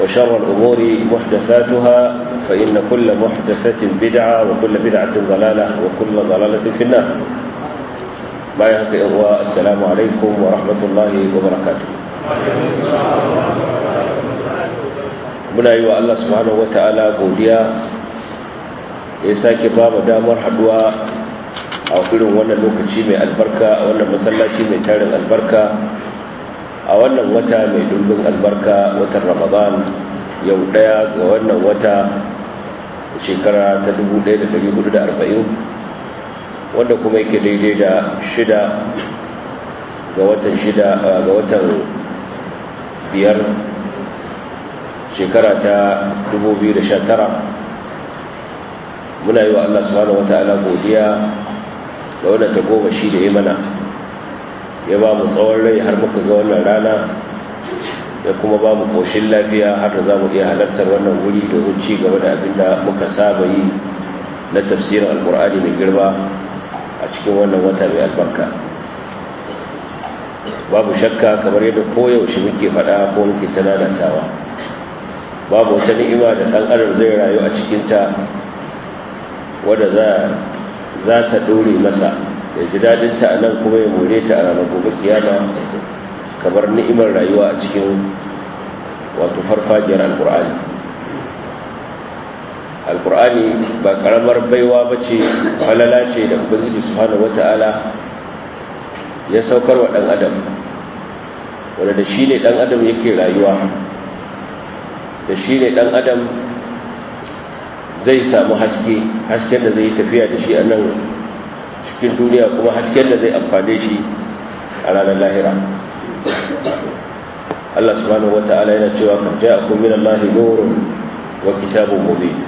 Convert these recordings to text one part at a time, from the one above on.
وشر الأمور محدثاتها فإن كل محدثة بدعة وكل بدعة ضلالة وكل ضلالة في النار بايعك إغواء السلام عليكم ورحمة الله وبركاته muna yi wa Allah subhanahu wata'ala godiya ya sake ba mu damar haduwa a irin wannan lokaci mai albarka a wannan masallaci mai tarin albarka a wannan wata mai dubbin albarka watan ramadan yau daya ga wannan wata shekara ta 1440 wanda kuma yake daidai da shida ga watan shida ga watan biyar shekara ta 2019 muna yi wa allah subhanahu wa ta'ala godiya da wadda ta goma shi da ya mana ya ba mu tsawon rai har muka ga wannan rana da kuma ba mu koshin lafiya har da za mu iya halartar wannan wuri domin ci gaba da abin da muka saba yi na tafsirin alkur'ani mai girma a cikin wannan wata mai albarka babu shakka kamar yadda koyaushe muke faɗa ko muke ta lalatawa babu wata ni'ima da ɗan adam zai rayu a cikinta wadda za ta ɗore masa ya ji daɗin ta a nan kuma ya more ta a ranar gobe kiyama kamar ni'imar rayuwa a cikin wato farfajiyar alkur'ani alkur'ani ba karamar baiwa ba ce falala ce da ubangiji subhanahu wata'ala ya saukar wa ɗan adam wanda da shi ne ɗan adam yake rayuwa da shi ne ɗan adam zai samu haske hasken da zai yi tafiya da shi a nan cikin duniya kuma hasken da zai amfane shi a ranar lahira Allah subhanahu wata'ala yana cewa kan ja'akum min Allah nurun wa kitabun mubin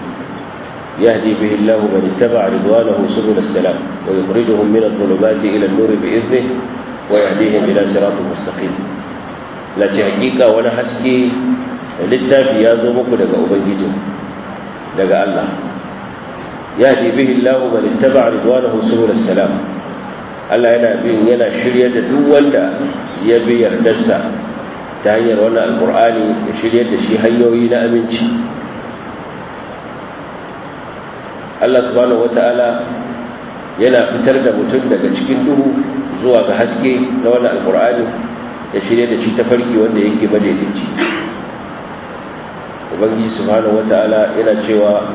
yahdi bihi Allah man ittaba'a ridwanahu da salam wa yukhrijuhum min adh-dhulumati ila Nuri nur bi'iznihi wa yahdihim ila siratin mustaqim la hakika wani haske littafi ya zo muku daga ubangiji daga Allah yahdi bihi Allahu man ittaba ridwanahu subul salam Allah yana bin yana shiryar da duk wanda ya bi yardarsa ta hanyar wannan alqur'ani ya shiryar da shi hanyoyi na aminci Allah subhanahu wataala yana fitar da mutum daga cikin duhu zuwa ga haske na wannan alqur'ani ya shirya da shi ta farki wanda yake madaidaici ubangiji subhanahu wataala yana cewa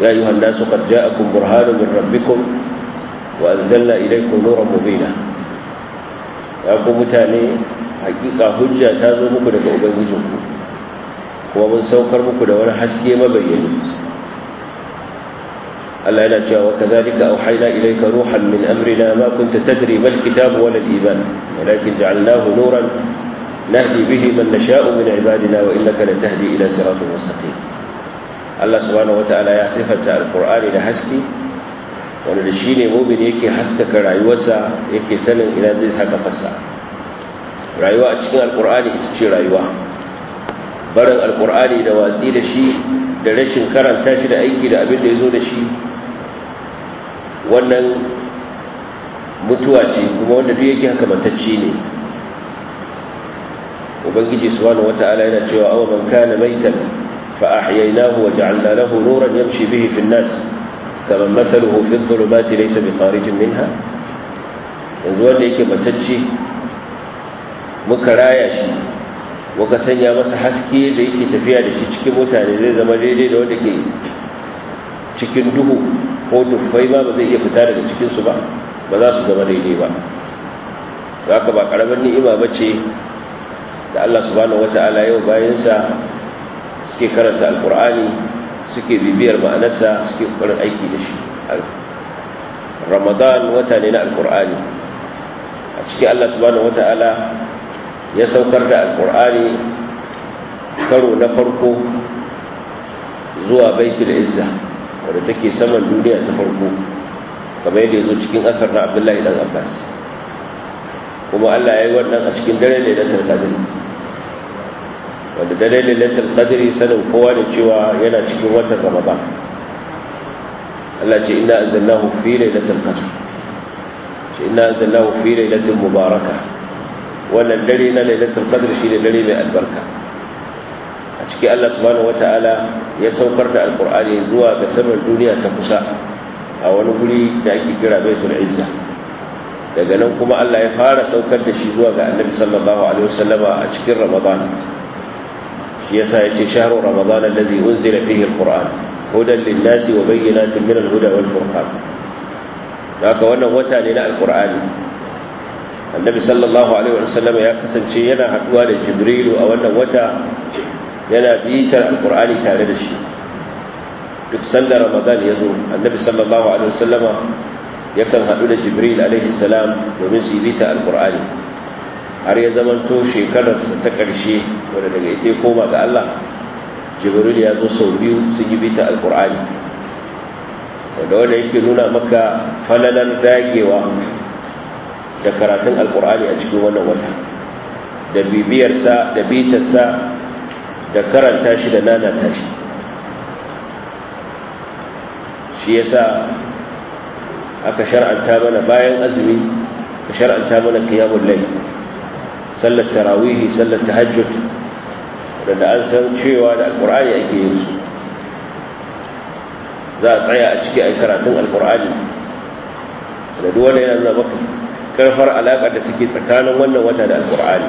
يا أيها الناس قد جاءكم برهان من ربكم وأنزلنا إليكم نورا مبينا أقوم تاني حقيقة هجة تازو مكنا كأبي أبنجزكم ومن سوكر مكنا وانا حسكي مبين ألا نجا وكذلك أوحينا إليك روحا من أمرنا ما كنت تدري ما الكتاب ولا الإيمان ولكن جعلناه نورا نهدي به من نشاء من عبادنا وإنك لتهدي إلى صراط مستقيم Allah subhanahu wata'ala ya sifanta Alƙur'ani da haske wanda da shi ne mu'min yake haskaka rayuwarsa yake sanin ina zai saka fassa. rayuwa a cikin Alƙur'ani ita ce rayuwa barin Alƙur'ani da watsi da shi da rashin karanta shi da aiki da abin da ya zo da shi wannan mutuwa ce kuma wanda duk yake haka mantacce ne ubangiji subhanahu wata'ala yana cewa awa man kana maitan فأحييناه وجعلنا له نورا يمشي به في الناس كمن مثله في الظلمات ليس بخارج منها yanzu wanda yake matacce muka raya shi muka sanya masa haske da yake tafiya da shi cikin mutane zai zama daidai da wanda ke cikin duhu ko dufai ma ba zai iya fita daga cikinsu ba ba za su zama daidai ba za ka ba ƙaramin ni'ima ba ce da allah subhanahu wata'ala yau bayansa suke karanta alkur'ani suke bibiyar ma'anarsa suke kokarin aiki da shi ramadan wata ne na alkur'ani a cikin allah subhanahu wata'ala ya saukar da alkur'ani karo na farko zuwa baitul izza wadda take saman duniya ta farko kamar yadda ya zo cikin asar na abdullahi dan abbas kuma allah ya yi wannan a cikin dare ne na tartazini wanda dare lailatul qadri sanin kowa da cewa yana cikin watan ramadan Allah ce inna anzalnahu fi lailatul qadr ce inna anzalnahu fi lailatul mubaraka wannan dare na lailatul qadr shi da dare mai albarka a cikin Allah subhanahu wataala ya saukar da alqur'ani zuwa ga saman duniya ta kusa a wani guri da ake kira baitul izza daga nan kuma Allah ya fara saukar da shi zuwa ga annabi sallallahu alaihi wasallama a cikin ramadan ya yasa yace shahru ramadan alladhi unzila fihi alquran hudan lin-nasi wa bayyinatin min al-huda wal-furqan haka wannan wata ne na alqur'ani annabi sallallahu alaihi wasallam ya kasance yana haduwa da jibrilu a wannan wata yana bitar alqur'ani tare da shi duk sanda Ramadana ya zo annabi sallallahu alaihi wasallama yakan haɗu da jibril alaihi salam domin su yi bita alqur'ani har ya zamanto shekararsa ta ƙarshe wadda daga ita koma ga Allah jibril ya zo sau biyu sun yi bita alƙur'ani wadda wadda yake nuna maka falalar dagewa da karatun alƙur'ani a cikin wannan wata da bibiyarsa da bitarsa da karanta shi da nanata shi shi sa aka shar'anta mana bayan azumi ka shar'anta mana kiyamun laifin sallar tarawihi sallar tahajjud da an san cewa da alqur'ani ake yin su za a tsaya a ciki ai karatun alqur'ani da duk wanda yana nuna maka karfar alaƙar da take tsakanin wannan wata da alqur'ani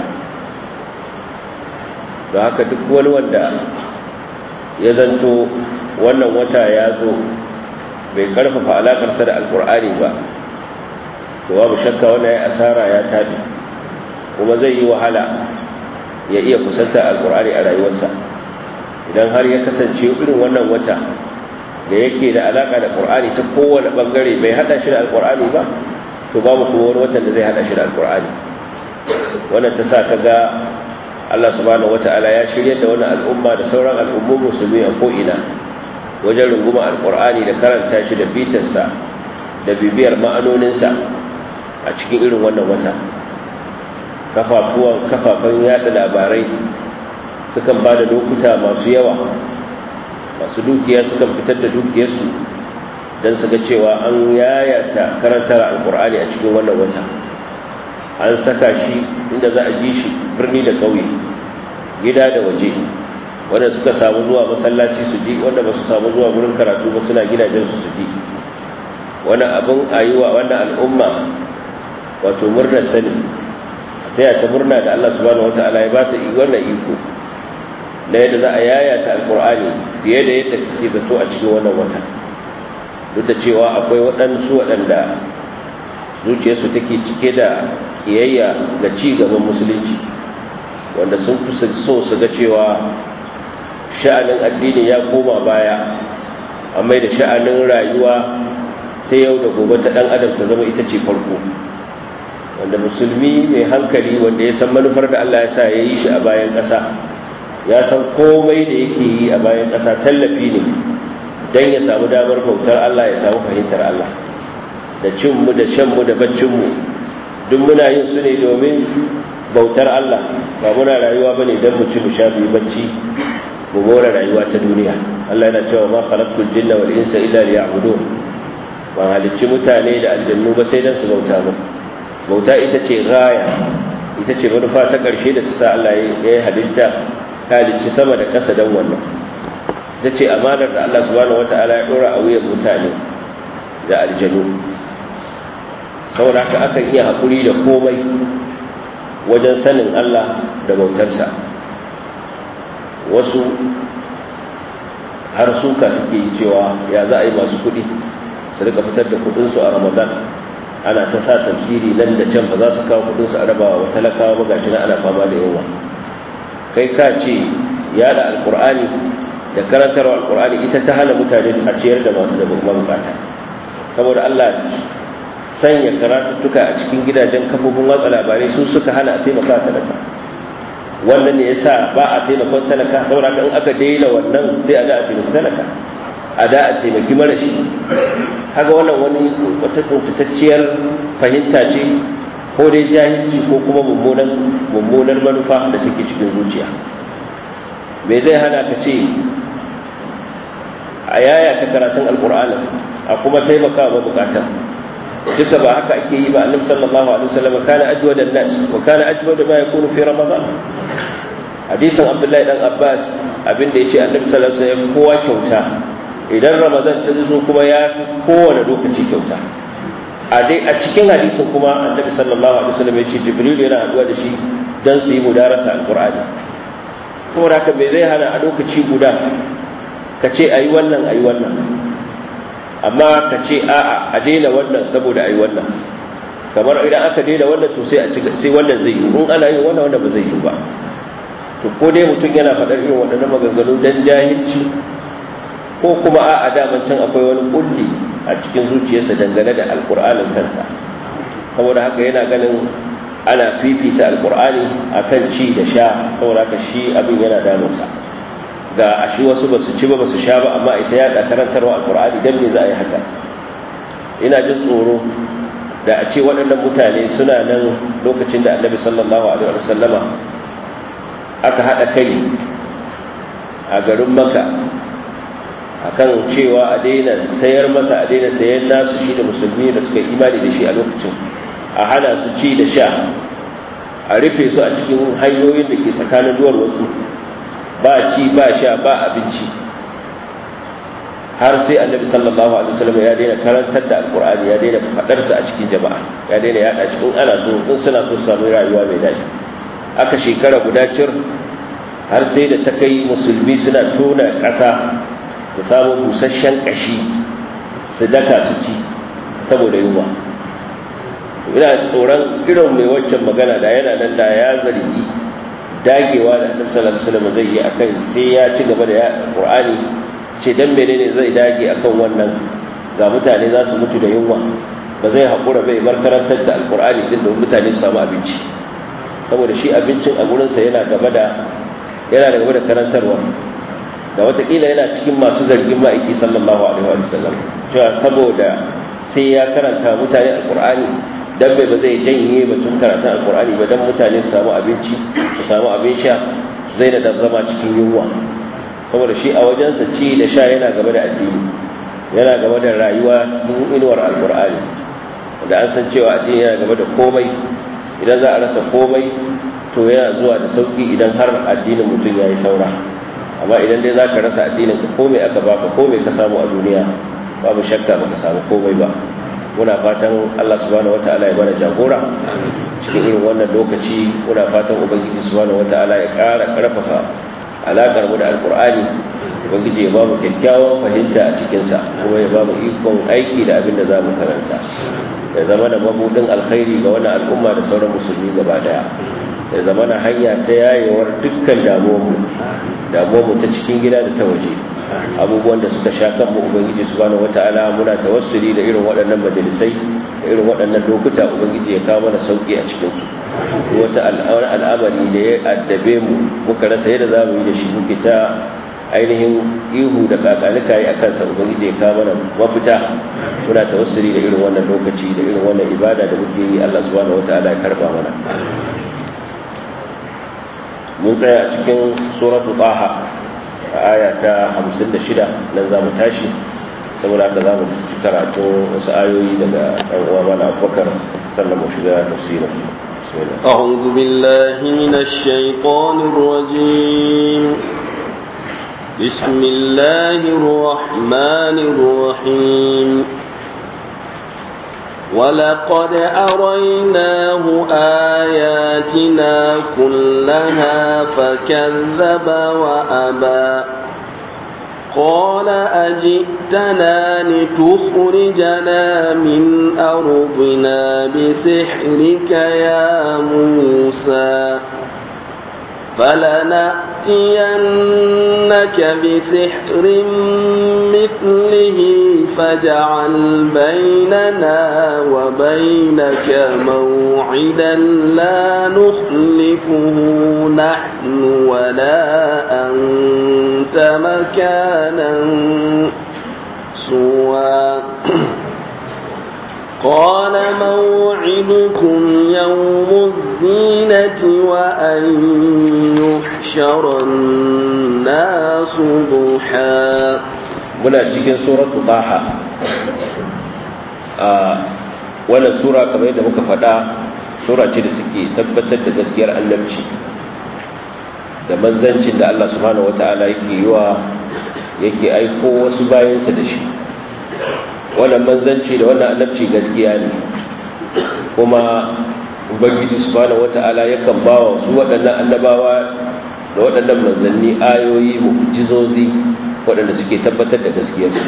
don haka duk wani wanda ya zanto wannan wata ya zo bai karfafa alaƙarsa da alkur'ani ba to babu shakka wanda ya asara ya tabi kuma zai yi wahala ya iya kusanta alkur'ani a rayuwarsa idan har ya kasance irin wannan wata da yake da alaka da qur'ani ta kowane bangare bai hada shi da alkur'ani ba to babu kuma wani watan da zai hada shi da alkur'ani wannan ta sa ga Allah subhanahu wataala ya shirye da wani al'umma da sauran al'ummu musulmi a ko'ina wajen runguma alkur'ani da karanta shi da bitarsa da bibiyar ma'anoninsa a cikin irin wannan wata kafafen yada labarai sukan ba da lokuta masu yawa masu dukiya sukan fitar da dukiyarsu don su ga cewa an yayata karantar alkur'ani a cikin wannan wata an saka shi inda za a ji shi birni da ƙauye gida da waje wanda suka samu zuwa masallaci su ji wanda ba su samu zuwa wurin karatu ba suna gidajensu su su ji wani abin a yi wa wannan al'umma wato murnar sani taya ta murna da Allah subhanahu ta'ala ya bata wannan iko da yadda za a yayata alqur'ani fiye da yadda kake zato a cikin wannan wata duk da cewa akwai waɗansu waɗanda zuciyarsu take cike da kiyayya ga ci gaban musulunci wanda sun fi so su ga cewa sha'anin addini ya koma baya amma da sha'anin rayuwa ta yau da gobe ta ɗan adam ta zama ita ce farko wanda musulmi mai hankali wanda ya san manufar da Allah ya sa ya yi shi a bayan ƙasa ya san komai da yake yi a bayan ƙasa tallafi ne don ya samu damar bautar Allah ya samu fahimtar Allah da cinmu da shanmu da baccinmu duk muna yin su ne domin bautar Allah ba muna rayuwa ba ne don mu ci mu sha su bacci mu more rayuwa ta duniya Allah yana cewa ma khalaqtul jinna wal insa illa liya'budun ban halicci mutane da aljannu ba sai dan su bauta mu bauta ita ce gaya ita ce manufa ta ƙarshe da ta sa Allah ya yi halitta halicci sama da ƙasa don wannan ita ce amanar da Allah subhanahu wata'ala ya ɗora a wuyan mutane da aljanu saboda haka akan iya haƙuri da komai wajen sanin Allah da bautarsa wasu har suka suke cewa ya za a yi masu kuɗi su rika fitar da kuɗinsu a ramadan ana ta sa tafsiri nan da can ba za su kawo kudin su a rabawa wa talakawa ba gashi na ana fama da yawa kai ka ce yada alkur'ani da karantar alkur'ani ita ta hana mutane a ciyar da mabukata saboda allah sanya karatuttuka a cikin gidajen kafofin watsa labarai su suka hana a taimaka talaka wannan ne yasa ba a taimakon talaka saboda in aka daina wannan sai a ga a taimaka talaka a da a taimaki mara shi haka wannan wani wata kuntatacciyar fahimta ce ko dai jahilci ko kuma mummunar manufa da take cikin zuciya me zai hana ka ce a yaya ta karatun alkur'ani a kuma taimaka wa bukata duka ba haka ake yi ba annabi sallallahu alaihi wasallam kana ajwa da nas wa kana ajwa da ma yakunu fi ramadan hadisin abdullahi dan abbas abinda yace annabi sallallahu alaihi wasallam kowa kyauta idan ramadan ta zo kuma ya fi kowane lokaci kyauta a dai a cikin hadisin kuma annabi sallallahu alaihi wasallam ya ce jibril yana haduwa da shi dan su yi mudarasa alqur'ani saboda haka me zai hana a lokaci guda ka ce ayi wannan ayi wannan amma ka ce a'a a daina wannan saboda ayi wannan kamar idan aka daina wannan to sai a sai wannan zai yi in ana yin wannan wannan ba zai yi ba to ko dai mutum yana faɗar irin waɗannan maganganu dan jahilci ko kuma a daman can akwai wani kulli a cikin zuciyarsa dangane da alkur'anin kansa saboda haka yana ganin ana fifita alkur'ani kan ci da sha saboda haka shi abin yana damunsa ga a shi wasu ba su ci ba ba su sha ba amma ita yada karantarwa alkur'ani don me za a yi haka ina jin tsoro da a ce waɗannan mutane suna nan lokacin da annabi sallallahu alaihi sallama aka haɗa kai a garin maka akan cewa a daina sayar masa a daina sayan nasu shi da musulmi da suka imani da shi a lokacin a hana su ci da sha a rufe su a cikin hanyoyin da ke tsakanin duwar wasu ba ci ba sha ba abinci har sai annabi sallallahu alaihi wasallam ya daina karantar da alqur'ani ya daina fadar sa a cikin jama'a ya daina yada shi in ana so in suna so su samu rayuwa mai daɗi aka shekara guda cir har sai da ta kai musulmi suna tona ƙasa su samu busasshen kashi su daka su ci saboda yunwa ina tsoron irin mai waccan magana da yana nan da ya zargi dagewa da annabi sallallahu alaihi zai yi akan sai ya ci gaba da Qur'ani ce dan menene zai dage akan wannan ga mutane za su mutu da yunwa ba zai haƙura bai bar karantar da alƙur'ani din da mutane su samu abinci saboda shi abincin a gurinsa yana gaba da yana gaba da karantarwa da watakila yana cikin masu zargin ma'aiki sallallahu alaihi wa sallam cewa saboda sai ya karanta mutane alqur'ani dan bai ba zai janye batun karanta alqur'ani ba dan mutane su samu abinci su samu abin sha su zai da zama cikin yunwa saboda shi a sa ci da sha yana gaba da addini yana gaba da rayuwa cikin inuwar alqur'ani da an san cewa addini yana gaba da komai idan za a rasa komai to yana zuwa da sauki idan har addinin mutum ya yi saura amma idan dai za ka rasa addinin ka komai aka baka komai ka samu a duniya babu shakka baka samu komai ba muna fatan Allah subhanahu wataala ya bada jagora cikin irin wannan lokaci muna fatan ubangiji subhanahu wataala ya ƙara ƙarfafa alakar mu da alƙur'ani ubangiji ya ba mu kyakkyawan fahimta a cikinsa kuma ya ba mu ikon aiki da abin da za mu karanta ya zama da mabudin alkhairi ga wannan al'umma da sauran musulmi gaba daya ya zama na hanya ta yayewar dukkan damuwanmu damuwanmu ta cikin gida da ta waje abubuwan da suka sha kanmu ubangiji subhanahu wata'ala muna tawassuli da irin waɗannan majalisai da irin waɗannan lokuta ubangiji ya kawo mana sauki a cikin su wata al'amari da ya addabe mu muka rasa yadda za mu yi da shi muke ta ainihin ihu da kakalika yi a kansa ubangiji ya kawo mana mafita muna tawassuli da irin wannan lokaci da irin wannan ibada da muke yi Allah subhanahu wata'ala ya karba mana mun tsaya a cikin suratu taha a aya ta 56 nan za mu tashi saboda haka za mu ci karatu wasu ayoyi daga ɗan uwa mana abubakar sannan mu shiga tafsirin أعوذ بالله من الشيطان الرجيم بسم الله الرحمن الرحيم ولقد أريناه آياتنا كلها فكذب وأبى قال أجئتنا لتخرجنا من أرضنا بسحرك يا موسى فلنأتينك بسحر مثله فاجعل بيننا وبينك موعدا لا نخلفه نحن ولا أنت مكانا سوى قال موعدكم يوم الزينة وأن يحشر الناس ضحى muna cikin suratu taha a wannan sura kamar yadda muka faɗa surace da take tabbatar da gaskiyar annabci da manzancin da Allah subhanahu wata'ala yake yi wa yake aiko wasu bayansa da shi wannan manzanci da wannan annabci gaskiya ne kuma ubangiji subhanahu wata'ala yakan bawa su waɗannan annabawa da waɗannan manzanni ayoyi mu'jizozi waɗanda suke tabbatar da gaskiyar su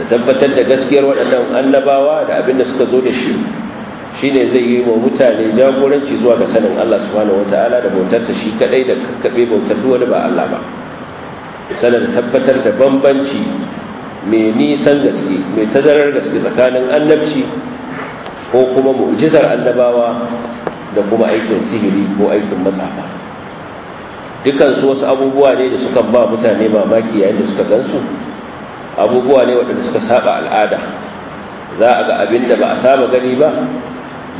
da tabbatar da gaskiyar waɗannan annabawa da abin da suka zo da shi shine zai yi wa mutane jagoranci zuwa ga sanin Allah subhanahu wata'ala da bautarsa shi kadai da kakkabe bautar duk wani ba Allah ba sanar tabbatar da bambanci mai nisan gaske mai tazarar gaske tsakanin annabci ko kuma mu'jizar annabawa da kuma aikin sihiri ko aikin matsafa dukansu wasu abubuwa ne da suka ba mutane mamaki yayin da suka gansu abubuwa ne waɗanda suka saba al'ada za a ga abin da ba a saba gani ba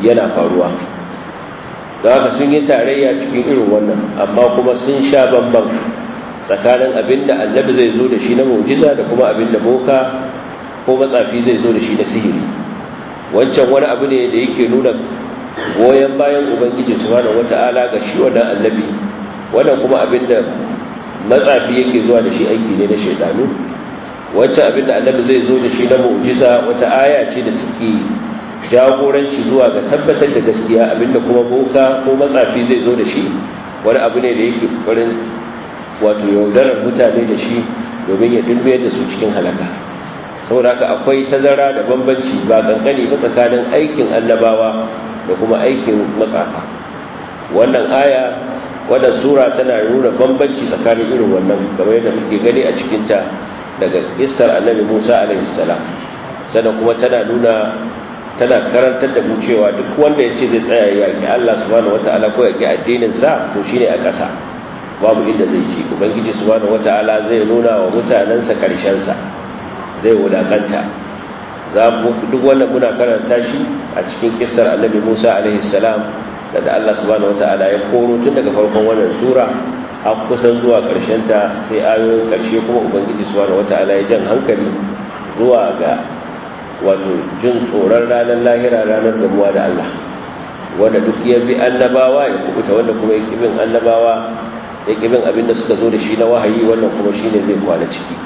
yana faruwa da haka sun yi tarayya cikin irin wannan amma kuma sun sha bambam tsakanin abinda annabi zai zo da shi na mu'jiza da kuma abinda boka ko matsafi zai zo da shi na sihiri wancan wani abu ne da yake nuna goyon bayan ubangiji subhanahu wata'ala ga shi wannan annabi wannan kuma abinda matsafi yake zuwa da shi aiki ne na shaidanu wancan abinda annabi zai zo da shi na mu'jiza wata aya ce da take jagoranci zuwa ga tabbatar da gaskiya abinda kuma boka ko matsafi zai zo da shi wani abu ne da yake farin. wato yaudarar mutane da shi domin ya dulbe da su cikin halaka saboda haka akwai tazara da bambanci ba kankani ba tsakanin aikin annabawa da kuma aikin matsafa wannan aya wannan sura tana nuna bambanci tsakanin irin wannan kamar yadda muke gani a cikinta daga kissar annabi Musa alaihi salam sannan kuma tana nuna tana karantar da mu cewa duk wanda ya ce zai tsaya yaƙi Allah subhanahu wata'ala ko yaƙi addinin sa to shine a ƙasa babu inda zai ci ubangiji subhanahu wata'ala zai nuna wa mutanansa mutanensa sa zai wadakanta za duk wannan muna karanta shi a cikin kissar annabi Musa alaihi salam da Allah subhanahu wata'ala ya koro tun daga farkon wannan sura har kusan zuwa karshen ta sai ayoyin karshe kuma ubangiji subhanahu wata'ala ya jan hankali zuwa ga wato jin tsoron ranar lahira ranar gamuwa da Allah wanda duk ya bi annabawa ya kubuta wanda kuma ya bin annabawa ya ƙi bin abin da suka zo da shi na wahayi wannan kuma shi ne zai kwana ciki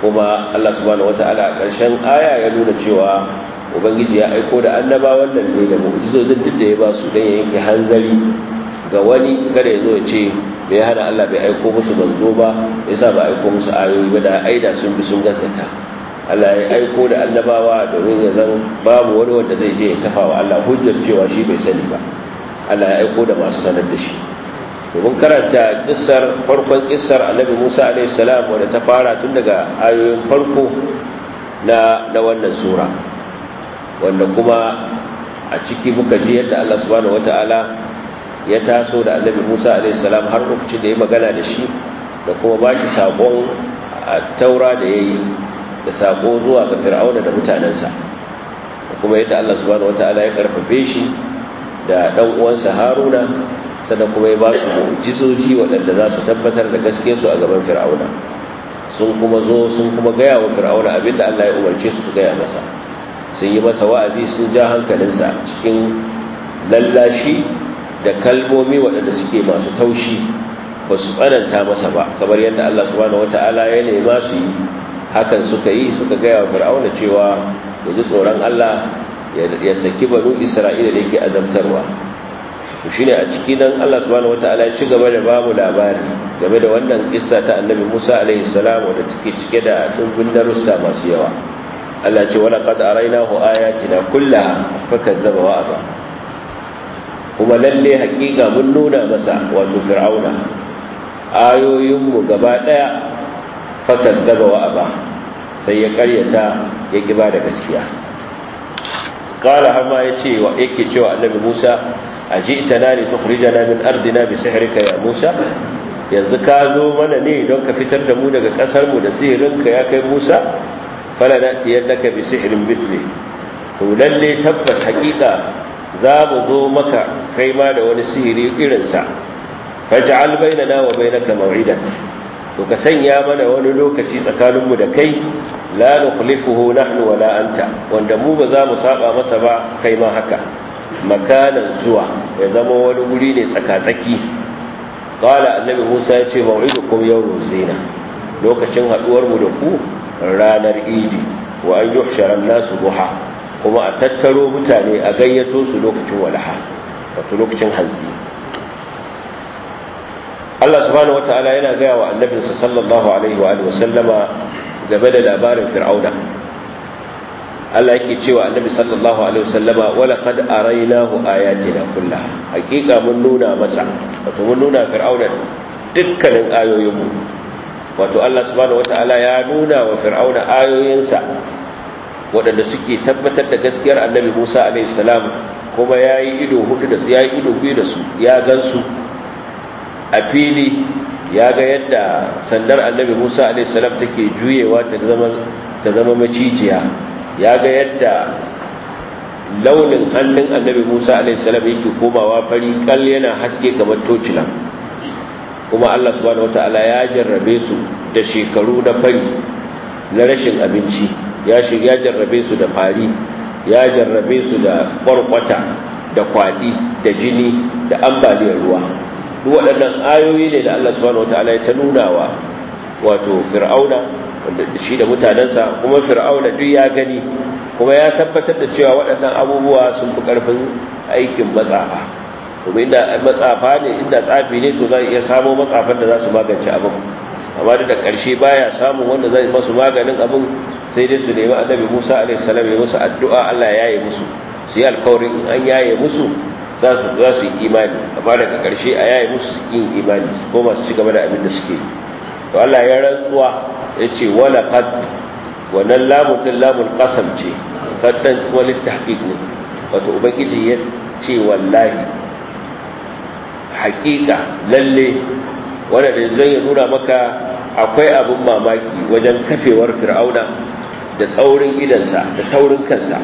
kuma allah subhanahu ala a ƙarshen aya ya nuna cewa ubangiji ya aiko da annabawan nan ne da mu'jizozin duk da ya ba su don ya yanke hanzari ga wani kada ya zo ya ce bai hana Allah bai aiko musu manzo ba ya sa ba aiko musu ayoyi ba da aida sun bi sun gaskata Allah ya aiko da annabawa domin ya zan babu wani wanda zai je ya kafa wa Allah hujjar cewa shi bai sani ba Allah ya aiko da masu sanar da shi domin karanta kissar farkon kissar annabi Musa alaihi salam wanda ta fara tun daga ayoyin farko na na wannan sura wanda kuma a ciki muka ji yadda Allah subhanahu wataala ya taso da annabi Musa alaihi salam har lokacin da ya magana da shi da kuma ba shi sabon taura da yayi da sako zuwa ga Fir'auna da mutanansa kuma yadda Allah subhanahu wataala ya karfafe shi da dan uwansa Haruna sannan kuma ya ba su mu'jizoji waɗanda za su tabbatar da gaske su a gaban fir'auna sun kuma zo sun kuma gaya wa fir'auna abinda Allah ya umarce su su gaya masa sun yi masa wa'azi sun ja hankalinsa cikin lallashi da kalmomi waɗanda suke masu taushi ba su tsananta masa ba kamar yadda Allah subhanahu wata'ala ya nema su yi hakan suka yi suka gaya wa fir'auna cewa yanzu tsoron Allah ya saki banu Isra'ila da yake azabtarwa to shine a ciki dan Allah subhanahu wataala ya ci gaba da babu labari game da wannan kissa ta annabi Musa alaihi salam wanda take cike da dubbin darussa masu yawa Allah ce wala qad araynahu ayatina kullaha fakazzaba wa aba kuma lalle hakika mun nuna masa wato fir'auna ayoyinmu gaba daya fakazzaba wa aba sai ya karyata ya kiba da gaskiya qala har ma yace wa yake cewa annabi Musa أجئتنا لتخرجنا من أرضنا بسحرك يا Musa? yanzu ka zo mana ne don ka fitar da mu daga ƙasarmu da sihirinka ya kai musa fala na tiyar naka bi sihirin mitli to lalle tabbas hakika za mu zo maka kai ma da wani sihiri irinsa faj'al bainana wa bainaka maw'idan to ka sanya mana wani lokaci tsakaninmu da kai la nukhlifuhu nahnu wala anta wanda mu ba za mu saba masa ba kai ma haka makanan zuwa ya zama wani wuri ne tsakatsaki kala annabi Musa ya ce mau'idukum yawm zina lokacin haduwar mu da ku ranar idi wa an yuhshara nasu duha kuma a tattaro mutane a gayyato su lokacin walaha wato lokacin hanzi Allah subhanahu wataala yana gaya wa annabinsa sallallahu alaihi wa alihi wa sallama game da labarin fir'auna Allah yake cewa annabi sallallahu alaihi wasallama wala qad araynahu ayatina kullah hakika mun nuna masa wato mun nuna fir'auna dukkanin ayoyinmu wato Allah subhanahu wataala ya nuna wa fir'auna ayoyinsa waɗanda suke tabbatar da gaskiyar annabi Musa alaihi salam kuma yayi ido hudu da yayi ido biyu da su ya gansu a fili ya ga yadda sandar annabi Musa alaihi salam take juyewa ta zama ta zama macijiya ya ga yadda launin hannun annabi musa alaihissalam yake komawa fari kal yana haske kamar tocila kuma allah subhanahu ala ya jarrabe su da shekaru na fari na rashin abinci ya jarrabe su da fari ya jarrabe su da kwarkwata da kwadi da jini da ambaliyar ruwa duk waɗannan ayoyi ne da allah subhanahu ala ya ta nuna wa wato fir'auna wanda shi da mutanensa kuma fir'auna duk ya gani kuma ya tabbatar da cewa waɗannan abubuwa sun fi ƙarfin aikin matsafa kuma inda matsafa ne inda tsafi ne to za iya samo matsafan da za su magance abin amma da ƙarshe baya samun wanda zai masu maganin abin sai dai su nemi annabi Musa alaihi salam ya musu addu'a Allah ya yi musu su yi alƙawarin in an yaye musu za su yi imani amma daga ƙarshe a yaye musu su yi imani ko masu ci gaba da abin da suke yi to Allah ya rantsuwa ya ce wala kad wannan lamun din lamun qasam ce faddan wani tahqiq ne wato ubangiji ya ce wallahi haƙiƙa lalle wanda da zai nuna maka akwai abin mamaki wajen kafewar fir'auna da tsaurin idansa da taurin kansa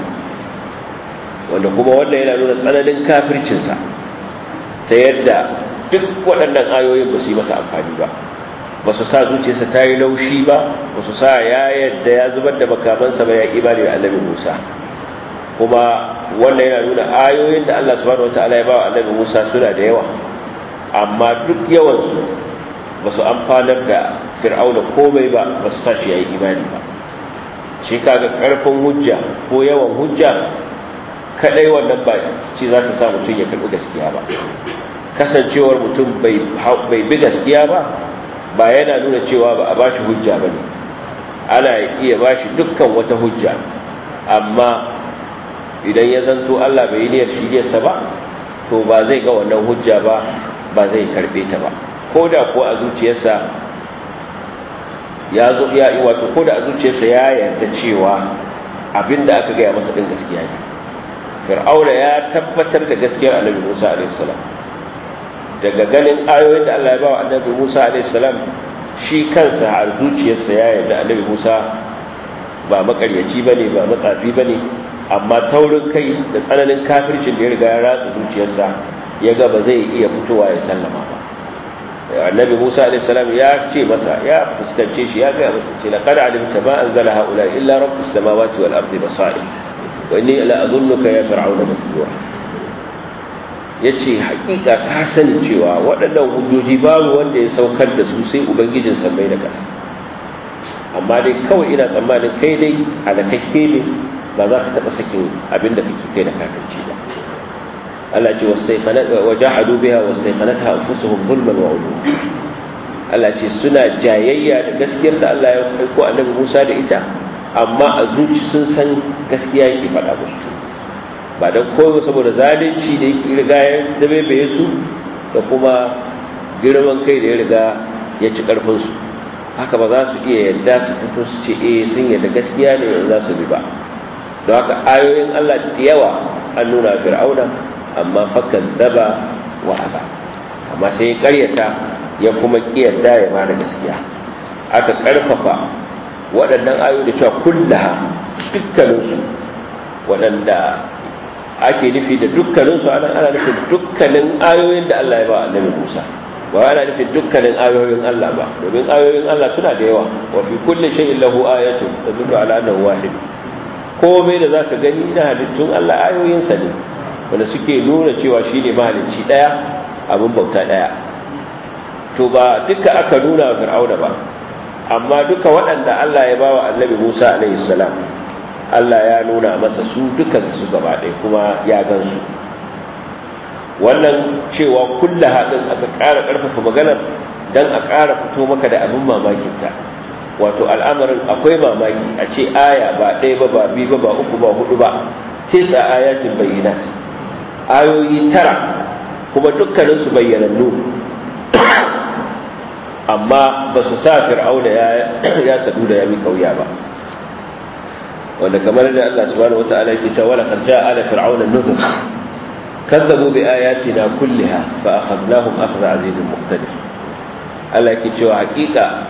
wanda kuma wannan yana nuna tsananin kafircinsa ta yadda duk waɗannan ayoyin ba su yi masa amfani ba ba su sa zuciyarsa ta yi laushi ba ba su sa ya yadda ya zubar da makamansa ba ya imani da annabi musa kuma wannan yana nuna ayoyin da allah subhanahu wataala ya ba wa annabi musa suna da yawa amma duk yawansu ba su amfanar da fir'auna komai ba ba su sa shi ya yi imani ba shi kaga karfin hujja ko yawan hujja kadai wannan ba ce za ta sa mutum ya karɓi gaskiya ba kasancewar mutum bai bi gaskiya ba ba yana nuna cewa ba a bashi hujja ba ne. ana iya bashi dukkan wata hujja amma idan ya zanto Allah bai niyyar shi shiryarsa ba to ba zai ga wannan hujja ba ba zai karbe ta ba koda ko a zuciyarsa ya zo ya wato koda a zuciyarsa ya yarda cewa abinda aka gaya masa din gaskiya ne fir'auna ya tabbatar da gaskiyar annabi Musa alaihi salam daga ganin ayoyin da Allah ya wa annabi Musa alaihi salam shi kansa a zuciyarsa ya yarda annabi Musa ba makaryaci bane ba matsafi bane amma taurin kai da tsananin kafircin da ya riga ya ratsa zuciyarsa ya ga ba zai iya fitowa ya sallama ba annabi Musa alaihi salam ya ce masa ya fuskance shi ya ga masa ce laqad alimta ma anzala haula illa rabbus samawati wal ardi basair wa inni la adunnuka ya fir'auna masbura ya ce hakika ka sani cewa waɗannan hujjoji babu wanda ya saukar da su sai ubangijin sammai da ƙasa amma dai kawai ina tsammanin kai dai alakakke ne ba za ka taɓa sakin abin da kake kai da kafirci ba Allah ce wajahadu biha a anfusuhum zulman wa ulum Allah ce suna jayayya da gaskiyar da Allah ya aiko annabi Musa da ita amma a zuci sun san gaskiya yake faɗa musu ba don kowa saboda zalunci da yake riga ya zabebe su da kuma girman kai da ya riga ya ci karfinsu haka ba za su iya yarda su fito su ce eh sun yarda gaskiya ne yanzu za su bi ba don haka ayoyin Allah da yawa an nuna fir'auna amma fakan daba wa aba amma sai ya karyata ya kuma kiyarda ya da gaskiya aka karfafa waɗannan ayoyi da cewa kullaha dukkaninsu waɗanda ake nufi da dukkanin su ana nufin dukkanin ayoyin da Allah ya ba annabi Musa ba ana nufin dukkanin ayoyin Allah ba domin ayoyin Allah suna da yawa wa fi kulli shay'in lahu ayatu tadullu ala annahu wahid komai da zaka gani na halittun Allah ayoyin sa ne wanda suke nuna cewa shi ne mahalicci daya abin bauta daya to ba duka aka nuna fir'auna ba amma duka waɗanda Allah ya bawa annabi Musa alaihi salam Allah ya nuna masa su dukkan su gaba kuma ya gan su wannan cewa kulla haɗin aka ƙara ƙarfafa maganar don a ƙara fito maka da abin mamakin ta. wato al'amarin akwai mamaki a ce aya ba ɗaya ba ba biyu ba ba uku ba hudu ba tisa ayatin bayyana ayoyi tara kuma dukkaninsu bayyanannu amma ba su sa fir'auna ya sadu da ya mi kauya ba wanda kamar da Allah subhanahu wata'ala yake cewa laqad ja'a ala fir'auna an-nuzur kadzabu bi ayatina kulliha fa akhadnahum akhadha azizun muqtadir Allah yake cewa hakika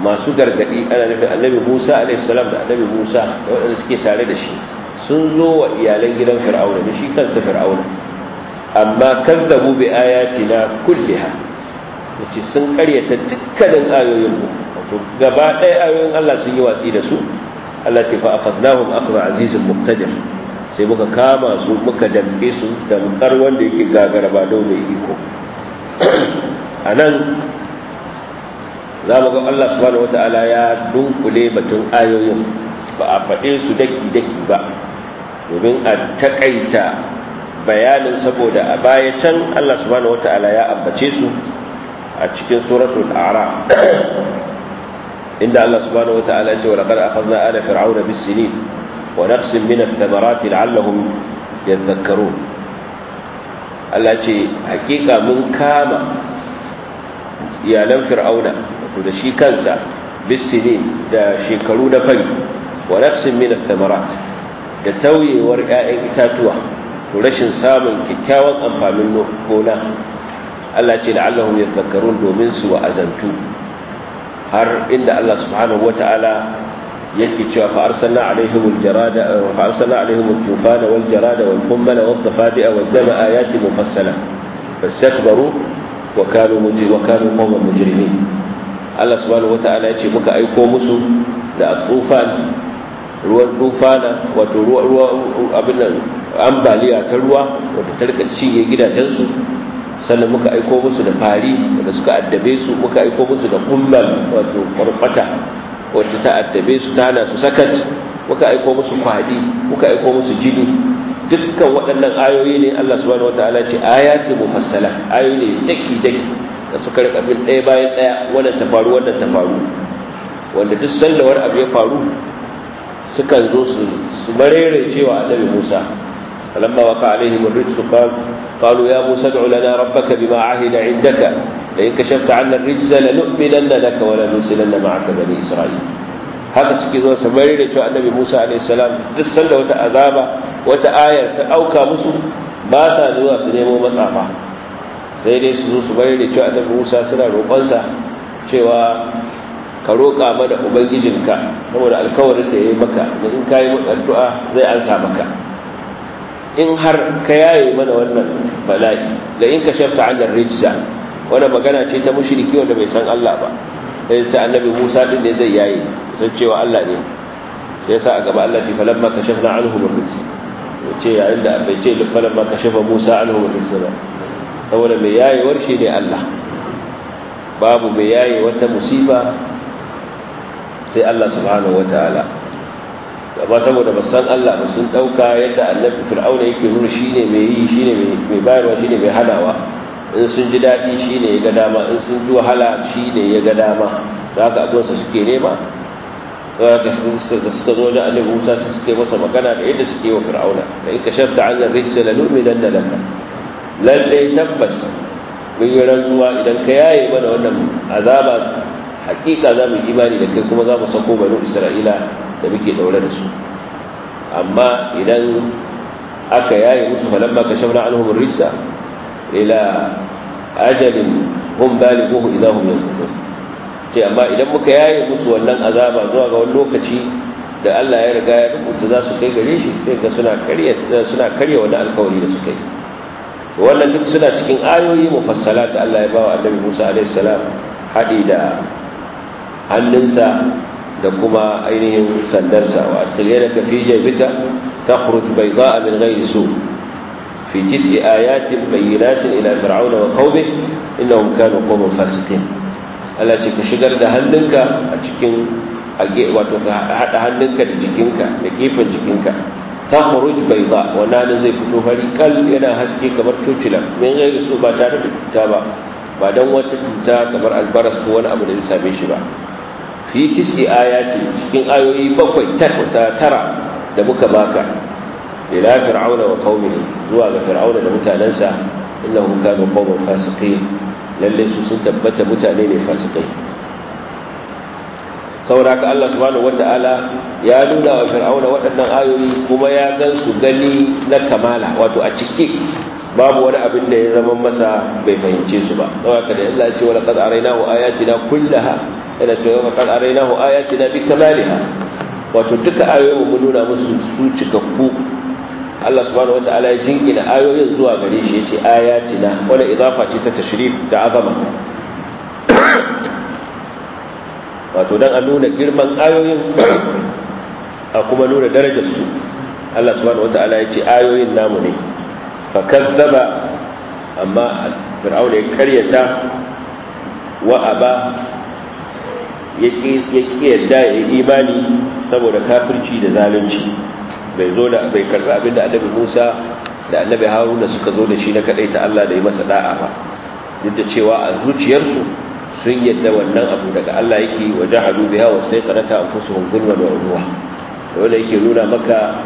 masu gargadi ana nufin annabi Musa alaihi salam da annabi Musa da waɗanda suke tare da shi sun zo wa iyalan gidan fir'auna da shi kansa fir'auna amma kadzabu bi ayatina kulliha yace sun karyata dukkanin ayoyin mu wato gaba ɗaya ayoyin Allah sun yi watsi da su Allah ce fa akhadnahum akhra azizul muqtadir sai muka kama su muka damke su damkar wanda yake gagara ba daune iko anan za mu ga Allah subhanahu wataala ya dunkule batun ayoyin ba a faɗe su daki daki ba domin a takaita bayanin saboda a baya can Allah subhanahu wataala ya ambace su a cikin suratul a'raf inda Allah subhanahu wata'ala ya ce wa laqad akhadna ala fir'auna bis-sinin wa naqsin min ath-thamarati la'allahum yadhakkarun Allah ce hakika mun kama iyalan fir'auna wato da shi kansa bis-sinin da shekaru da fari wa naqsin min ath-thamarat da tauyewar ƴaƴan itatuwa to rashin samun kyakkyawan amfanin gona Allah ce la'allahum yadhakkarun domin su wa'azantu har inda Allah subhanahu wata'ala yake cewa fa arsalna alaihimul jarada fa arsalna alaihimut tufana wal jarada wal kummala wad dafadi'a wad dama ayati mufassala fastakbaru wa kanu mujri wa kanu qawman mujrimin Allah subhanahu wata'ala yace muka aiko musu da tufan ruwan tufana wato ruwa abin nan ambaliya ta ruwa wato tarkaci ya gidajensu sannan muka aiko musu da fari wanda suka addabe su muka aiko musu da kullal wato farfata wacce ta addabe su tana su sakat muka aiko musu kwadi muka aiko musu jini dukkan waɗannan ayoyi ne Allah subhanahu wataala ce ayatu mufassalat ayoyi ne daki daki da suka rika bin ɗaya bayan ɗaya wannan ta faru wannan ta faru wanda duk sallawar abu ya faru sukan zo su marere cewa annabi Musa فلما وقع عليهم الرجس قال قالوا يا موسى ادع لنا ربك بما عهد عندك لئن كشفت عنا الرجس لنؤمنن لك ولنرسلن معك بني إسرائيل haka suke zo su da cewa annabi Musa alaihi duk sanda wata azaba wata ayar ta auka musu basa sa zuwa su nemo matsafa sai dai su zo su bayar da annabi Musa suna roƙonsa cewa ka roƙa mana ubangijinka saboda alkawarin da ya yi maka da in kayi addu'a zai ansa maka in har ka yaye mana wannan bala'i la in ka shafta annar rijsa wanda magana ce ta mushriki wanda bai san Allah ba sai sai annabi Musa din ne zai yaye san cewa Allah ne sai yasa a gaba Allah ce falamma kashafna anhum rijsa rijza ce yayin da bai ce falamma kashafa Musa anhum ar-rijza ba saboda mai yayewar shi ne Allah babu mai yaye wata musiba sai Allah subhanahu wataala amma saboda ba san Allah ba sun dauka yadda annabi fir'auna yake nuna shine mai yi shine mai bayarwa shine mai hadawa in sun ji dadi shine ya ga dama in sun ji wahala shine ya ga dama haka ka sa suke nema da suka zo da annabi Musa su suke masa magana da yadda suke wa fir'auna da ita shafta an zarri sai la numi dan dalaka lalle tabbas mun yi rantsuwa idan ka yaye mana wannan azaba hakika za mu imani da kai kuma za mu sako bani isra'ila da muke daure da su amma idan aka yaye musu falamma kashafna anhum ar-rijsa ila ajalin hum balighuhu idahum yanfusun ce amma idan muka yaye musu wannan azaba zuwa ga wani lokaci da Allah ya riga ya rubuta za su kai gare shi sai ga suna karya suna karya wani alkawari da suka yi wannan duk suna cikin ayoyi mufassala da Allah ya ba wa Annabi Musa alaihi salam hadi da hannunsa da kuma ainihin sandarsa wa adkhil ka fi bai takhruj a min ghayri su fi tis'i ayatin bayyinatin ila fir'auna wa qaumihi innahum kanu qawman fasiqin Allah ce ka shigar da hannunka a cikin wato ka hada hannunka da jikinka da gefen jikinka bai ba wa nan zai fito fari kal yana haske kamar tutulan min ghairi su ba tare da cuta ba ba dan wata cuta kamar albaras ko wani abu da zai same shi ba fi tis'i ayati cikin ayoyi bakwai tara da muka baka ila fir'auna wa qaumihi zuwa ga fir'auna da mutanansa innahum kanu qauman fasiqin lalle su sun tabbata mutane ne fasiqai saboda ka Allah subhanahu wataala ya nuna wa fir'auna waɗannan ayoyi kuma ya gan su gani na kamala wato a ciki babu wani abin da ya zama masa bai fahimce su ba saboda ka da Allah ya ce wa laqad araynahu ayatina kullaha yana cewa wa qad araynahu ayatina bi kamaliha wato duka ayoyin mu nuna musu su cikakku Allah subhanahu wata'ala ya jingina ayoyin zuwa gare shi yace ayatina wala idafa ce ta tashrif da azama wato dan a nuna girman ayoyin a kuma nuna darajar su Allah subhanahu wata'ala yace ayoyin namu ne fa kazzaba amma fir'auna ya karyata wa aba ya ƙi yadda ya imani saboda kafirci da zalunci bai zo da bai karbi abin da annabi musa da annabi haruna suka zo da shi na kaɗai ta allah da yi masa da'a ba duk da cewa a zuciyarsu sun yadda wannan abu daga allah yake wa hadu biya wa sai tsanata karata anfusuhum zulman da ruwa wanda yake nuna maka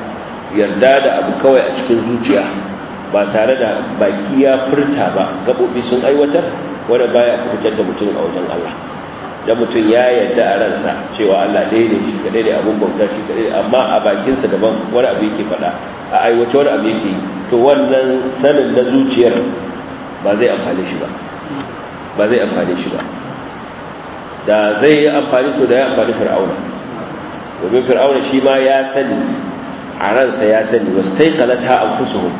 yarda da abu kawai a cikin zuciya ba tare da baki ya furta ba gabobi sun aiwatar wanda baya fitar da mutum a wajen Allah da mutum ya yadda a ransa cewa Allah ɗaya ne shi kaɗai da abin bauta shi kaɗai amma a bakinsa daban wani abu yake faɗa a aiwace wani abu yake to wannan sanin na zuciyar ba zai amfane shi ba ba zai amfane shi ba da zai yi amfani to da ya amfani fir'auna domin fir'auna shi ma ya sani a ransa ya sani wasu taikalata an fusuhun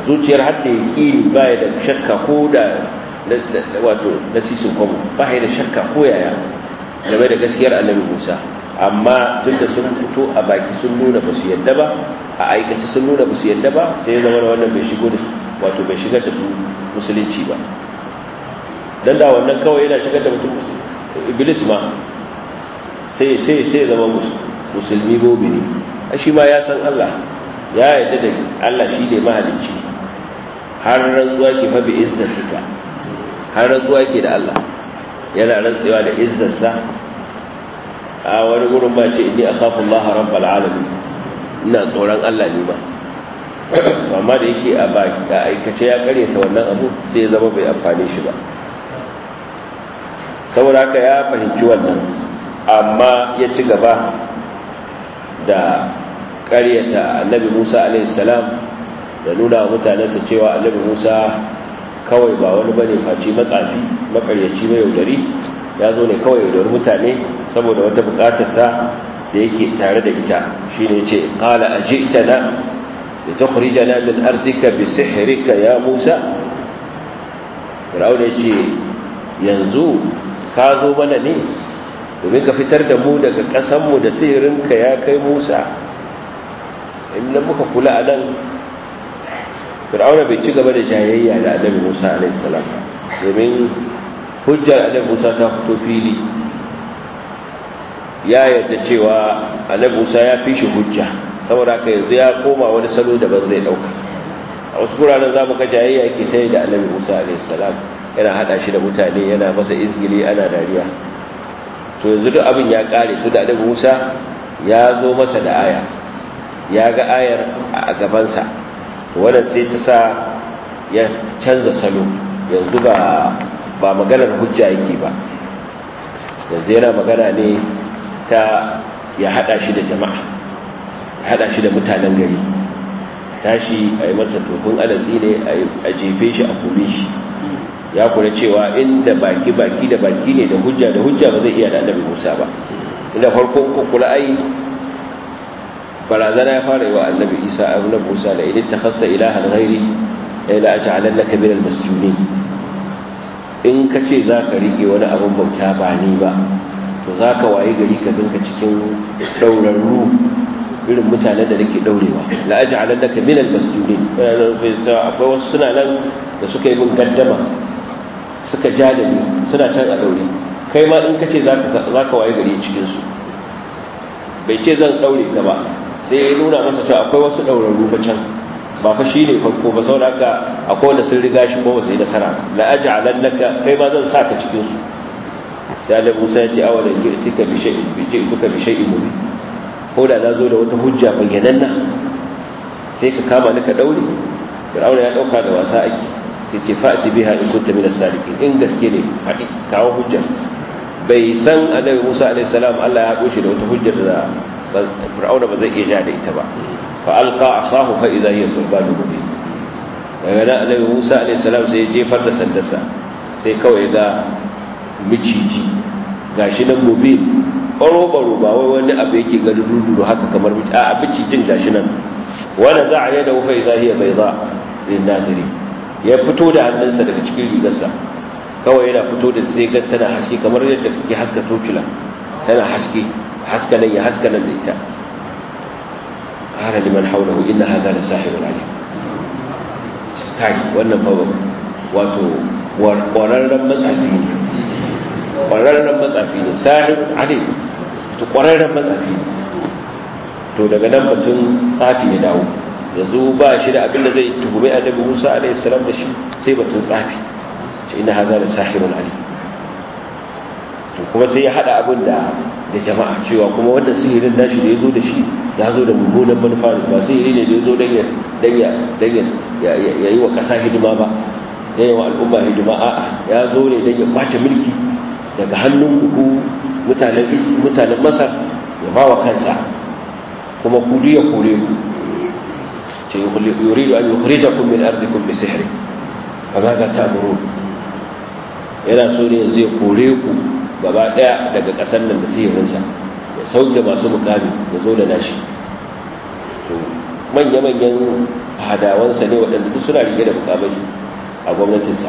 a zuciyar hadda ya ba ya da shakka ko da wato nasisin kwamo ba ya da shakka ko yaya game da gaskiyar annabi musa amma tunda sun fito a baki sun nuna ba su yadda ba a aikace sun nuna ba su yadda ba sai ya zama wannan bai shigo da wato bai shigar da su musulunci ba Don da wannan kawai yana shigar da mutum iblis ma sai sai sai zama musulmi gobe ne. A shi ma ya san Allah ya yadda da Allah shi ne mahalicci har rantsuwa ki fa bi izzatika har rantsuwa ke da Allah yana rantsewa da izzarsa a wani gurin ba ce inni akhafu Allah rabbal alamin ina tsoron Allah ne ba amma da yake a aikace ya karyata wannan abu sai ya zama bai amfani shi ba saboda haka ya fahimci wannan amma ya ci gaba da karyata annabi Musa a.s. da nuna mutanensa cewa annabi Musa kawai ba wani bane faci matsafi makaryaci mai yaudari ya zo ne kawai yaudari mutane saboda wata bukatarsa da yake tare da ita shi ne ce kala a ita na da ta kurija na min artika bi sihirika ya musa fir'auna ce yanzu ka zo mana ne domin ka fitar da mu daga kasanmu da sihirinka ya kai musa inda muka kula a nan fir'auna bai ci gaba da jayayya da annabi musa alaihi salam domin hujjar annabi musa ta fito fili ya yarda cewa annabi musa ya fi shi hujja saboda haka yanzu ya koma wani salo daban zai dauka a wasu guraren za mu ga jayayya yake ta yi da annabi musa alaihi salam yana hada shi da mutane yana masa izgili ana dariya to yanzu duk abin ya kare to da annabi musa ya zo masa da aya ya ga ayar a gabansa wannan sai ta sa ya canza salo yanzu ba ba maganar hujja yake ba yanzu yana magana ne ta ya hada shi da jama'a ya hada shi da mutanen gari tashi a yi masa tofin alatsi ne a jefe shi a kome shi ya kula cewa inda baki baki da baki ne da hujja da hujja ba zai iya da annabi musa ba inda farko kukula ai barazana ya fara yi wa annabi isa abu na musa da idan ta hasta ilahan ghairi eh, la aj'alan laka min al-masjunin in ka ce za ka riƙe wani abin bauta ba ni ba to za ka waye gari ka dinka cikin ɗaurarru irin mutanen da nake ɗaurewa la aj'alan laka min al-masjunin akwai wasu suna nan da suka yi min gaddama suka ja da ni suna can a ɗaure kai ma in ka ce za ka waye gari cikin su bai ce zan ɗaure ka ba sai ya nuna masa cewa akwai wasu ɗaurarru fa can ba fa shi ne farko ba saboda haka akwai wanda sun riga shi ba su yi nasara la aj'alan laka kai ma zan sa ka cikin su sai Allah Musa ya ce awalan ji'tika bi shay'in bi ji'tuka bi shay'in mubin ko da na zo da wata hujja bayyananna sai ka kama ni ka daure Fir'auna ya dauka da wasa ake sai ce fa'ati biha in kunta min as-salikin in gaske ne hadi kawo hujja bai san annabi Musa alaihi salam Allah ya haɗo shi da wata hujjar da fir'auna ba zai iya ja da ita ba fa alqa asahu fa idha hiya sulbanu mubin daga nan annabi Musa alayhi salam sai jefar da sandarsa sai kawai ga miciji gashi nan mubin baro baro ba wai wani abu yake ga dudu haka kamar miciji a micijin gashi nan wani za a yada fa idha hiya bayda lin nadiri ya fito da hannunsa daga cikin rigarsa kawai yana fito da sai ga tana haske kamar yadda kake haska tocila tana haske haska nan ya haska nan da ita ƙara liman haulahu ina hadha da sahirun alim kai wannan fa wato ƙwararren matsafi ne ƙwararren matsafi ne sahirun alim to ƙwararren matsafi ne to daga nan batun tsafi ya dawo yanzu ba shi da abinda zai a annabi Musa alaihi salam da shi sai batun tsafi ce ina hadha da sahirun alim to kuma sai ya haɗa abin da da jama'a cewa kuma wanda sihirin nashi da ya zo da shi ya zo da mummunan manufa ba sihiri ne da ya zo don ya yi wa ƙasa hidima ba ya yi wa al'umma hidima a'a ya zo ne don ya kwace mulki daga hannun ku mutanen masar ya ba wa kansa kuma ku ya kore ku ce yuri da an yukhrijakum min ardikum bi sihri fa ma ta'murun yana so ne zai kore ku gaba daya daga kasar nan da sihirinsa ya sauke masu mukami ya zo da nashi to manya-manyan hadawansa ne waɗanda duk suna rike da mukamai a gwamnatinsa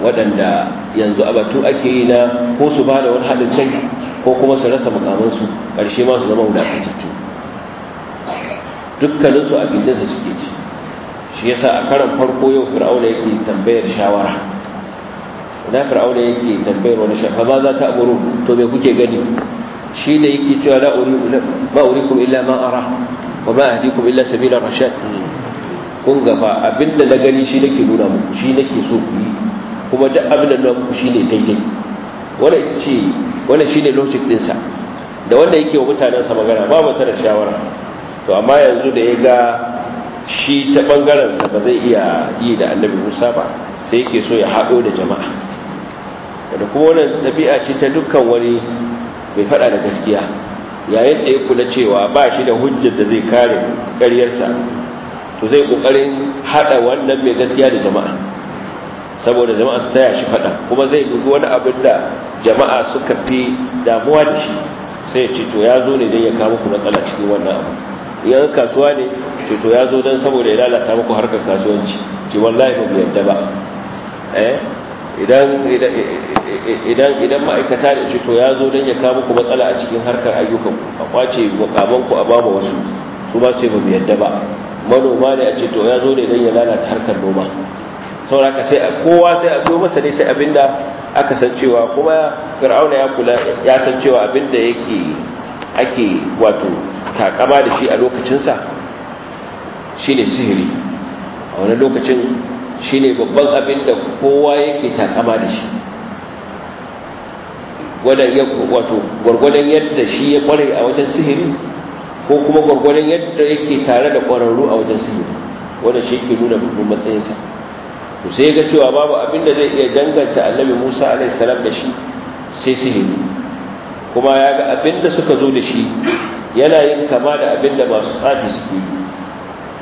waɗanda yanzu abatu ake yi na ko su ba da wani haɗin kai ko kuma su rasa mukamansu ƙarshe ma su zama wulaƙantattu dukkaninsu a gindinsa suke ci shi yasa a karan farko yau fir'auna yake tambayar shawara na fir'auna yake tambayar wani shafa ba za ta aburu to me kuke gani shi ne yake cewa la ba kuma illa ma ara wa haji kuma illa sabila rashad kun gaba abinda na gani shi nake nuna muku shi nake so ku yi kuma duk abinda na ku shi ne daidai wanda ce wanda shi ne logic ɗinsa da wanda yake wa mutanensa magana ba mata da shawara to amma yanzu da ya ga shi ta ɓangarensa ba zai iya yi da annabi musa ba sai yake so ya haɗo da jama'a da kuma wannan ɗabi'a ce ta dukkan wani mai faɗa da gaskiya yayin da ya kula cewa ba shi da hujjar da zai kare ƙaryarsa to zai ƙoƙarin haɗa wannan mai gaskiya da jama'a saboda jama'a su taya shi faɗa kuma zai gudu wani abin da jama'a suka fi damuwa da shi sai ce to ya zo ne don ya kawo muku matsala cikin wannan abu yan kasuwa ne ce to ya zo don saboda ya lalata muku harkar kasuwanci ki wallahi ba ku yarda ba eh idan idan ma'aikata da to ya zo don ya kawo muku matsala a cikin harkar ayyukan a kwace makamanku a bama wasu su ba sai ba mu yadda ba manoma ne a ce to ya zo ne don ya lalata harkar noma sauraka sai kowa sai a zo masa ne ta abinda aka san cewa kuma fir'auna ya kula ya san cewa abinda yake ake wato takama da shi a lokacinsa shine sihiri a wani lokacin Shi ne babban abin da kowa yake takama da shi wato gwargwadon yadda shi ya kware a wajen sihiri ko kuma gwargwadon yadda yake tare da kwararru a wajen sihiri Wadda shi ke nuna babban matsayinsa to sai ga cewa babu abin da zai iya danganta annabi musa alaihi salam da shi sai sihiri kuma ya ga abin da suka zo da shi yana yin kama da abin da masu tsafi suke yi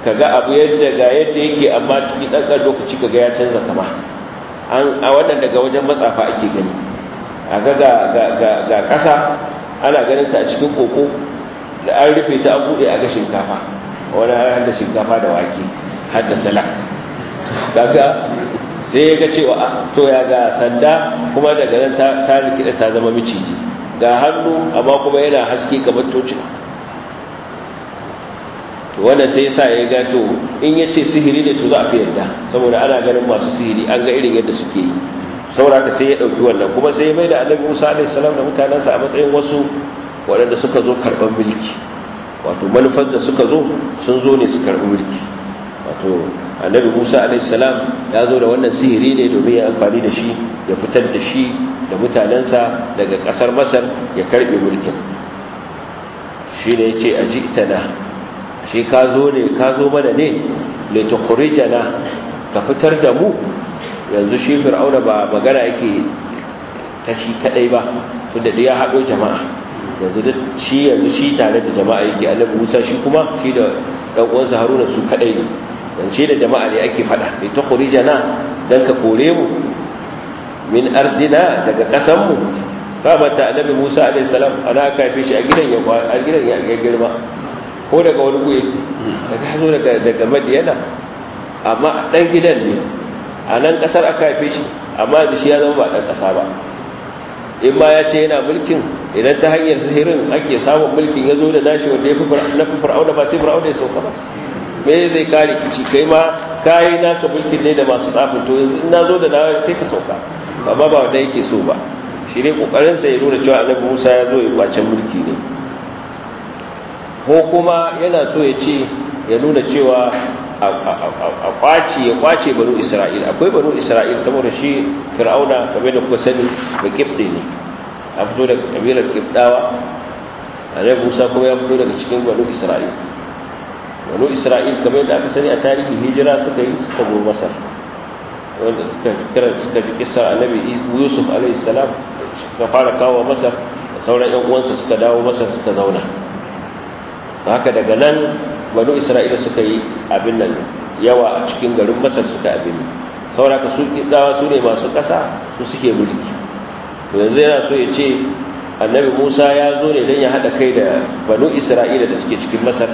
ka ga abu yadda ga yadda yake amma ciki ɗanɗan lokaci ka ga ya canza kama a wannan daga wajen matsafa ake gani a ga ga ƙasa ana ganin ta a cikin koko da an rufe ta an buɗe a ga shinkafa wani an da shinkafa da wake har da salak daga sai ya ga cewa ah, to ya ga sanda kuma daga nan ta rikida ta zama miciji ga hannu amma kuma yana haske kamar tocin to wanda sai yasa ya ga to in ce sihiri ne to za a fi yarda saboda ana ganin masu sihiri an ga irin yadda suke yi saboda ka sai ya ɗauki wannan kuma sai ya mai da annabi Musa alaihi salam da mutanansa a matsayin wasu waɗanda suka zo karɓar mulki wato manufar da suka zo sun zo ne su karɓi mulki wato annabi Musa alaihi salam ya zo da wannan sihiri ne domin ya amfani da shi ya fitar da shi da mutanensa daga ƙasar Masar ya karɓe mulkin shi ne ya ce a ji na. shi ka zo ne ka zo mana ne na ka fitar da mu yanzu shi fir'auna ba magana yake ta shi kadai ba tunda da ya hado jama'a yanzu da shi yanzu shi tare da jama'a yake annabi Musa shi kuma shi da dan uwansa Haruna su kadai ne yanzu shi da jama'a ne ake fada na dan ka kore mu min ardina daga kasan mu ba mata annabi Musa alaihi salam ana ka fi shi a gidan ya girma ko daga wani ku yake ka hazo daga madiyana amma ɗan gidan ne a nan ƙasar aka haife shi amma da shi ya zama ba ɗan ƙasa ba in ma ya ce yana mulkin idan ta hanyar sihirin ake samun mulkin ya zo da nashi wanda ya fi fir'auna ba sai fir'auna ya sauka ba me zai kare kici kai ma kayi naka mulkin ne da masu tsafin to yanzu in na zo da nawa sai ka sauka amma ba wanda yake so ba shi ne kokarin sa ya nuna cewa annabi Musa ya zo ya kwace mulki ne ko kuma yana so ya ce ya nuna cewa a kwace ya kwace banu isra'il akwai banu isra'il saboda shi fir'auna kamar da kuka sani da kibdi ne a fito daga kabilar kibdawa a nan musa kuma ya fito daga cikin banu isra'il banu isra'il kamar da aka sani a tarihi hijira suka yi suka zo masar wanda suka kira suka ji a annabi yusuf alaihi salam suka fara kawo masar da sauran yan uwansa suka dawo masar suka zauna haka daga nan banu isra'ila suka yi abin nan yawa a cikin garin masar suka abin nan sauraka su su ne masu ƙasa su suke mulki yanzu yana so ya ce annabi musa ya zo ne don ya haɗa kai da banu isra'ila da suke cikin masar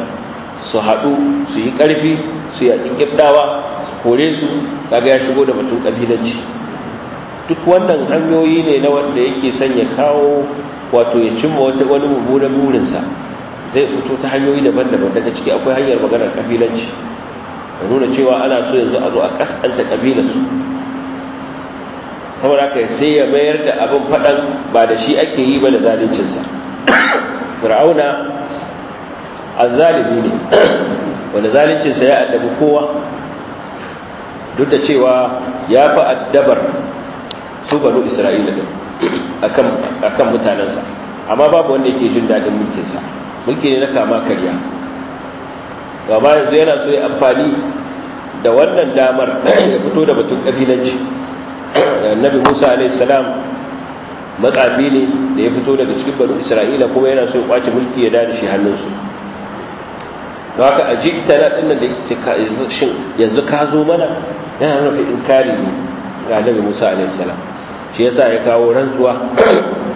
su haɗu su yi ƙarfi su yaƙi ƙibdawa su kore su kaga ya shigo da batun ƙabilanci duk wannan hanyoyi ne na wanda yake sanya kawo wato ya cimma wani mummunan burinsa zai fito ta hanyoyi daban-daban daga ciki akwai hanyar maganar kabilanci da nuna cewa ana so yanzu a zo a kasanta kabilarsu saboda ka sai ya mayar da abin faɗan ba da shi ake yi ba da zaluncinsa fir'auna azzalimi ne wanda zaluncinsa ya addabi kowa duk da cewa ya fi addabar su banu isra'ila akan mutanensa amma babu wanda yake jin daɗin mulkinsa mulki ne na kama karya gaba yanzu yana so ya amfani da wannan damar ya fito da batun kabilanci annabi musa alaihissalam matsafi ne da ya fito daga cikin baru isra'ila kuma yana so ya kwace mulki ya dada shi hannunsu da haka a ta na ɗin da yake shin yanzu ka zo mana yana nufi in kari ne ga annabi musa alaihissalam shi yasa ya kawo rantsuwa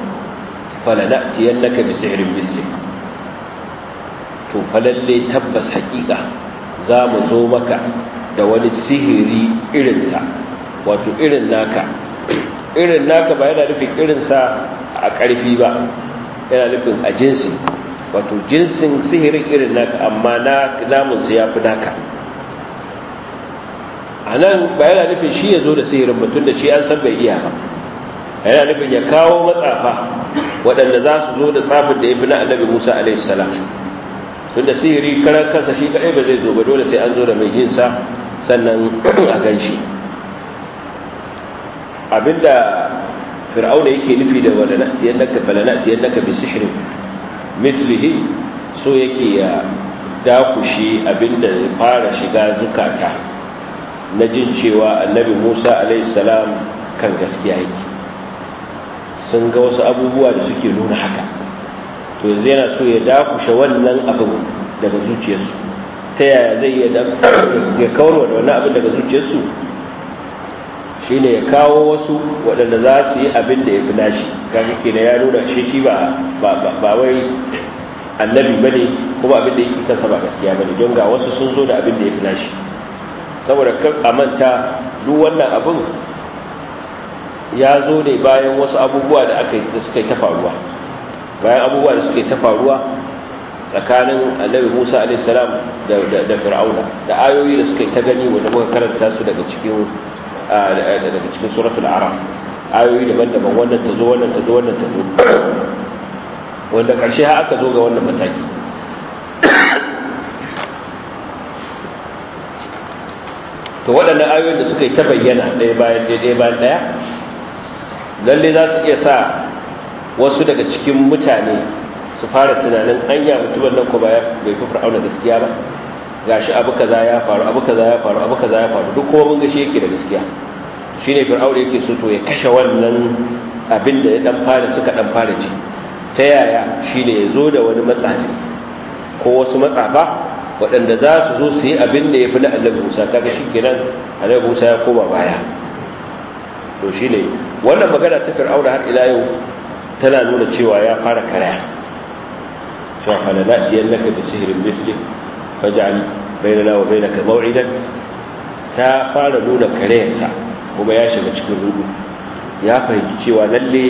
fala na'tiyannaka bi sihrin misli to falalle tabbas hakika za mu zo maka da wani sihiri irinsa wato irin naka irin naka ba yana nufin irinsa a ƙarfi ba yana nufin a jinsi wato jinsin sihirin irin naka amma namunsa ya fi naka a nan ba yana nufin shi ya zo da sihirin mutum da shi an san bai iya ba yana nufin ya kawo matsafa waɗanda za su zo da tsafin da ya fi na annabi musa salam tunda sihiri karan kansa shi kaɗai ba zai zo ba dole sai an zo da mai jinsa sannan a gan shi abinda fir'auna yake nufi da walana tiyannaka falana daga bi sihirin mislihi so yake ya dakushi abinda ya fara shiga zukata na jin cewa annabi Musa alaihi kan gaskiya yake sun ga wasu abubuwa da suke nuna haka to yanzu yana so ya dakushe wannan abin daga zuciyarsu ta yaya zai ya kawar wa wannan abin daga zuciyarsu shi ne ya kawo wasu waɗanda za su yi abin da ya fi nashi ga ke na ya nuna shi shi ba wai annabi ba ne kuma abin da yake kansa ba gaskiya ba ne don ga wasu sun zo da abin da ya fi nashi saboda kan amanta duk wannan abin ya zo ne bayan wasu abubuwa da aka yi da suka yi ta faruwa bayan abubuwa da suke ta faruwa tsakanin annabi musa salam da fir'auna da ayoyi da suke ta gani wanda muka karanta su daga cikin daga cikin suratul araf ayoyi daban-daban wannan ta zo wannan ta zo wannan ta zo wanda ƙarshe har aka zo ga wannan mataki to waɗannan ayoyin da suka yi ta bayyana ɗaya bayan ɗaya bayan ɗaya lalle za su iya sa wasu daga cikin mutane su fara tunanin yi mutumin nan ko ba ya bai fi fir'auna gaskiya ba Ga shi abu kaza ya faru abu kaza ya faru abu kaza ya faru duk kuma mun gashi yake da gaskiya shine fir'auna yake so to ya kashe wannan abin da ya dan fara suka dan fara ji ta yaya shine ya zo da wani matsafi ko wasu matsafa waɗanda za su zo su yi abin da ya fi na annabi musa kaga shi kenan annabi musa ya koma baya to shine wannan magana ta fir'auna har ila yau tana nuna cewa ya fara karaya cewa fana na naka da sihirin mifli faja'al bainana wa bainaka maw'idan ta fara nuna karayarsa kuma ya shiga cikin rudu ya fahimci cewa lalle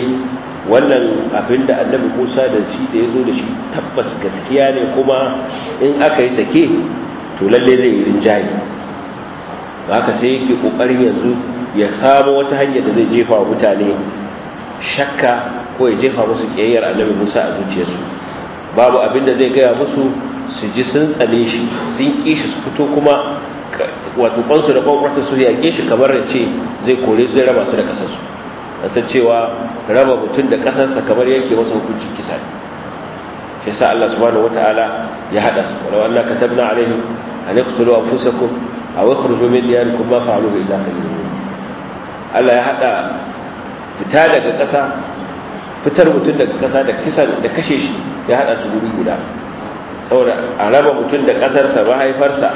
wannan abin da annabi musa da shi da ya zo da shi tabbas gaskiya ne kuma in aka yi sake to lalle zai yi rinjaye haka sai yake kokarin yanzu ya samu wata hanyar da zai jefa wa mutane shakka ko ya jefa musu kiyayyar annabi Musa a zuciyarsu babu abin da zai gaya musu su ji sun tsane shi sun kishi su fito kuma wato kansu da kwankwarsa su yaƙe shi kamar da ce zai kore zai raba su da ƙasarsu kasar cewa raba mutum da ƙasarsa kamar yanke masa hukuncin kisa ne shi sa Allah subhanahu wata'ala ya haɗa su walau Allah katabna alaihim an yaqtulu anfusakum aw yakhruju min diyarikum ma fa'aluhu illa qalilun Allah ya haɗa fita daga ƙasa fitar mutum daga ƙasa da kisa da kashe shi ya haɗa su guri guda saboda a raba mutum da ƙasarsa mahaifarsa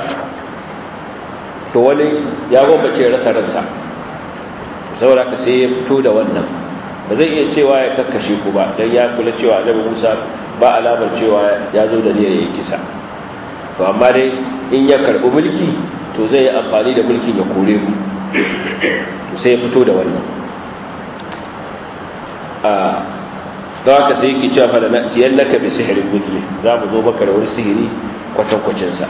to wani ya ce rasa ransa saboda ka sai ya fito da wannan ba zai iya cewa ya kakkashe ku ba don ya kula cewa annabi musa ba alamar cewa ya zo da niyyar ya kisa to amma dai in ya karbi mulki to zai yi amfani da mulki ya kore ku to sai ya fito da wannan ah, don haka sai yake cewa fara natiyan naka bi sihirin mithli za mu zo maka da wani sihiri kwatankwacinsa.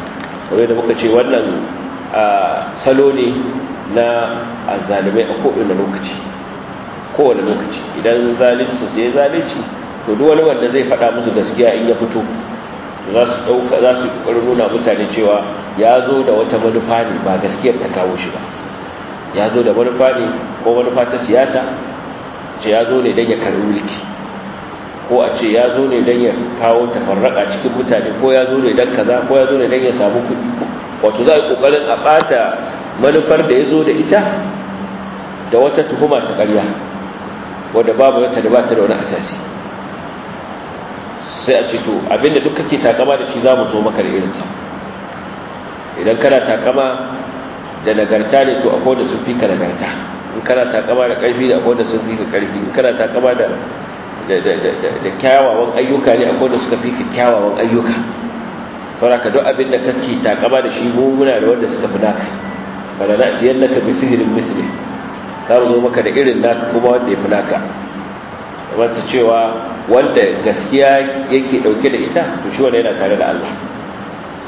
sa da muka ce wannan salo ne na azalimai a kowane lokaci kowane lokaci idan zalunci sai zalunci to duk wani wanda zai faɗa musu gaskiya in ya fito za su ɗauka za su ƙoƙarin nuna mutane cewa ya zo da wata manufa ne ba gaskiyar ta kawo shi ba ya zo da manufa ne ko manufa ta siyasa ce ya zo ne don ya karɓi mulki ko a ce ya zo ne don ya kawo tafarraka cikin mutane ko ya zo ne don kaza ko ya zo ne don ya samu kuɗi wato za a yi ƙoƙarin a bata manufar da ya zo da ita da wata tuhuma ta ƙarya wadda babu wata da bata da wani asasi sai a ce to abinda duk kake takama da shi za mu zo maka da irinsa idan kana takama da nagarta ne to akwai da sun fi ka nagarta in kana takama da ƙarfi da akwai da sun fi ka ƙarfi in kana takama da da kyawawan ayyuka ne akwai da suka fi kyawawan ayyuka sauraka duk abin da kake takama da shi muna da wanda suka fi naka bala na tiyar naka bi sihirin misli za mu zo maka da irin naka kuma wanda ya fi naka kamar ta cewa wanda gaskiya yake dauke da ita to shi wanda yana tare da Allah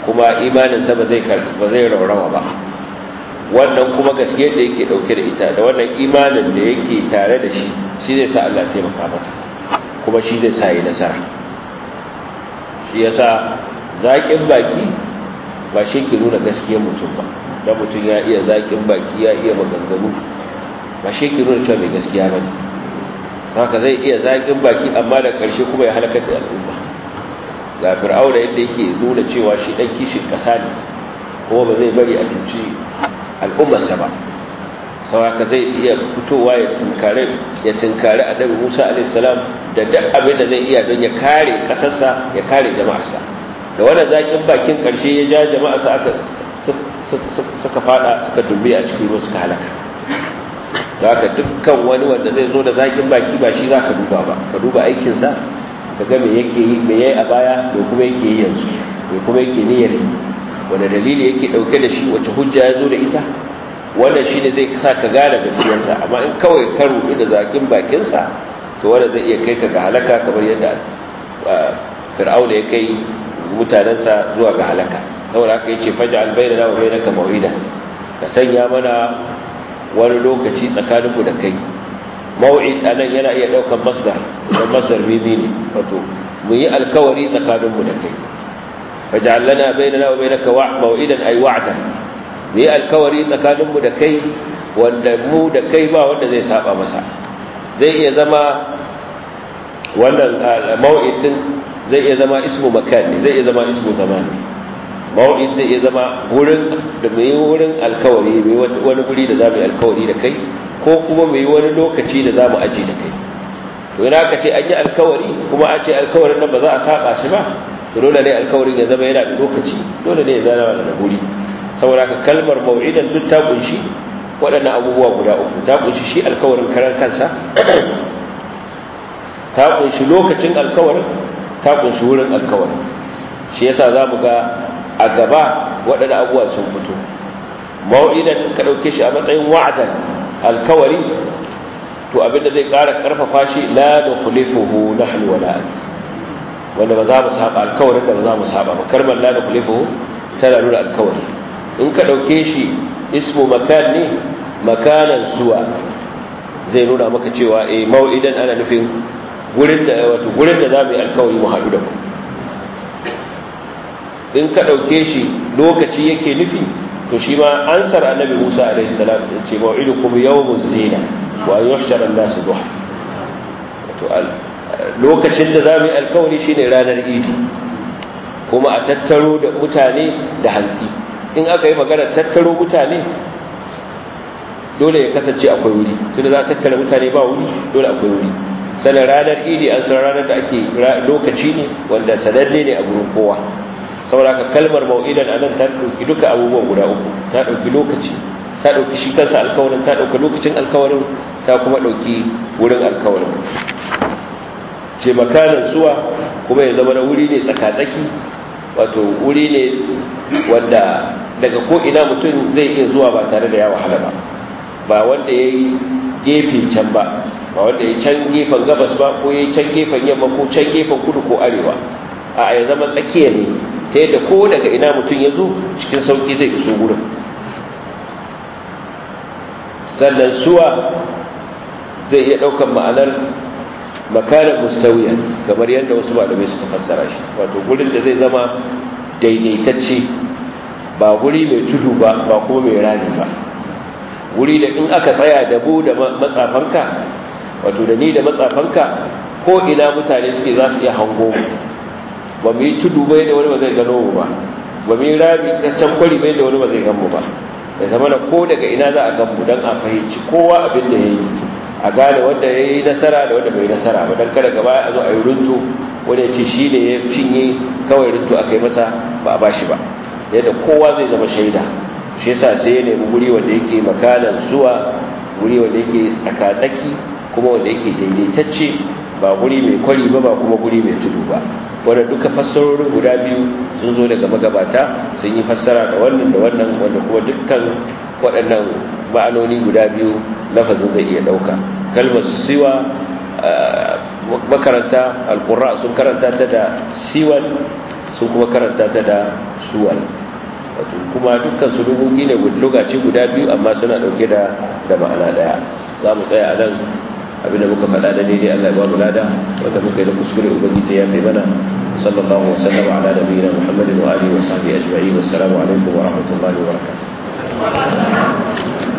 kuma sa ba zai ba zai raurawa ba wannan kuma gaskiyar da yake dauke da ita da wannan imanin da yake tare da shi shi zai sa Allah taimaka masa kuma shi zai sa yi nasara shi ya sa zaƙin baki ba shi ke nuna gaskiyar mutum ba da mutum ya iya zaƙin baki ya iya maganganu ba shi ke nuna cewa mai gaskiya ba ne haka zai iya zaƙin baki amma da ƙarshe kuma ya halakar da al'umma ga fir'auna yadda yake nuna cewa shi ɗan kishin ƙasa ne kuma ba zai bari a cuci al'ummarsa ba sauraka zai iya fitowa ya tunkari ya tunkari annabi Musa alaihi salam da duk abin da zai iya don ya kare kasarsa ya kare jama'arsa da wanda zakin bakin karshe ya ja jama'arsa aka suka fada suka dumbe a cikin ruwa suka halaka da haka dukkan wani wanda zai zo da zakin baki ba shi za ka duba ba ka duba aikinsa ka ga me yake yi me yayi a baya me kuma yake yi yanzu me kuma yake niyyar wanda dalili yake dauke da shi wace hujja ya zo da ita wannan shi ne zai sa ka gane gaskiyarsa amma in kawai ka rudu da zakin bakinsa to wanda zai iya kai ka ga halaka kamar yadda fir'auna ya kai mutanensa zuwa ga halaka saboda haka yace faj'al bainana wa bainaka maw'ida ka sanya mana wani lokaci tsakaninku da kai maw'id anan yana iya daukan masdar don masdar bibi ne wato mu yi alkawari tsakaninmu da kai faj'al lana bainana wa bainaka wa'd maw'idan ay wa'dan mu alkawari tsakaninmu da kai wanda mu da kai ba wanda zai saba masa zai iya zama wannan mawa'idin din zai iya zama ismu makani ne zai iya zama ismu zamani mawa'id zai iya zama wurin da mai yi wurin alkawari mai yi wani guri da za mu yi alkawari da kai ko kuma mai yi wani lokaci da za mu aji da kai to ina ka ce an yi alkawari kuma a ce alkawarin nan ba za a saba shi ba to dole ne alkawarin ya zama yana da lokaci dole ne ya zama da guri saboda ka kalmar mawidan duk ta kunshi waɗannan abubuwa guda uku ta kunshi shi alkawarin karar kansa ta kunshi lokacin alkawarin ta kunshi wurin alkawarin shi yasa za mu ga a gaba waɗannan abubuwa sun fito mawidan ka ɗauke shi a matsayin wa'adan alkawari to abinda zai ƙara ƙarfafa shi la nukhlifuhu nahnu wala wanda ba za mu saba alkawarin da ba za mu saba ba kalmar la kulifuhu tana nuna alkawari in ka ɗauke shi ismu makan ne makanan zuwa zai nuna maka cewa eh mau'idan ana nufin gurin da wato gurin da za mu yi alkawari mu haɗu da ku in ka ɗauke shi lokaci yake nufi to shi ma ansar annabi Musa alaihi salam ya ce mau'idukum yawmuz zina wa yuhsharu an-nasu duha to lokacin da za mu yi alkawari shine ranar idi kuma a tattaro da mutane da hantsi in aka yi magana tattaro mutane dole ya kasance akwai wuri tunda za a tattara mutane ba wuri dole akwai wuri sannan ranar idi an san ranar da ake lokaci ne wanda sananne ne a gurin kowa saboda ka kalmar mau'idan anan ta ɗauki duka abubuwan guda uku ta ɗauki lokaci ta ɗauki shi kansa alkawarin ta ɗauki lokacin alkawarin ta kuma ɗauki wurin alkawarin ce makanan suwa kuma ya zama na wuri ne tsakatsaki wato wuri ne wanda daga ko ina mutum zai iya zuwa ba tare da ya wahala ba ba wanda ya yi gefe can ba ba wanda ya can gefen gabas ba ko ya yi can gefen yamma ko can gefen kudu ko arewa a ya zama tsakiya ne ta yadda ko daga ina mutum ya zo cikin sauki zai iso gudun. sannan suwa zai iya ɗaukar ma'anar makarar mustawiya kamar yadda wasu malamai suka fassara shi wato gurin da zai zama daidaitacce ba guri mai tudu ba ba kuma mai rani ba wuri da in aka tsaya da bu da matsafanka wato da ni da matsafanka ko ina mutane suke za su iya hango ba mu yi tudu bai da wani ba zai gano mu ba ba mu yi rami ta can kwari bai da wani ba zai gan mu ba da zama da ko daga ina za a gan mu don a fahimci kowa abin da ya yi a gane wanda ya yi nasara da wanda bai nasara ba don kada gaba a zo a yi runtu wanda ya ce shi ne ya cinye kawai runtu aka yi masa ba a bashi ba yadda kowa zai zama shaida shi yasa sai ya nemi guri wanda yake makalan zuwa guri wanda yake tsakatsaki kuma wanda yake daidaitacce ba guri mai kwari ba ba kuma guri mai tudu ba wanda duka fassarorin guda biyu sun zo daga magabata sun yi fassara da wannan da wannan wanda kuma dukkan waɗannan ma'anoni guda biyu lafazin zai iya ɗauka kalmar siwa eh, makaranta alƙura sun karanta ta da siwan sun kuma karanta ta da suwal wato kuma dukkan su lugogi ne lugaci guda biyu amma suna dauke da da ma'ana daya za mu tsaya a nan abin da muka faɗa da daidai Allah ya ba mu lada wanda muka yi da kuskure ubangiji ya mai mana sallallahu alaihi wasallam ala nabiyina muhammadin wa alihi wa sahbihi ajma'in wassalamu alaikum wa rahmatullahi wa barakatuh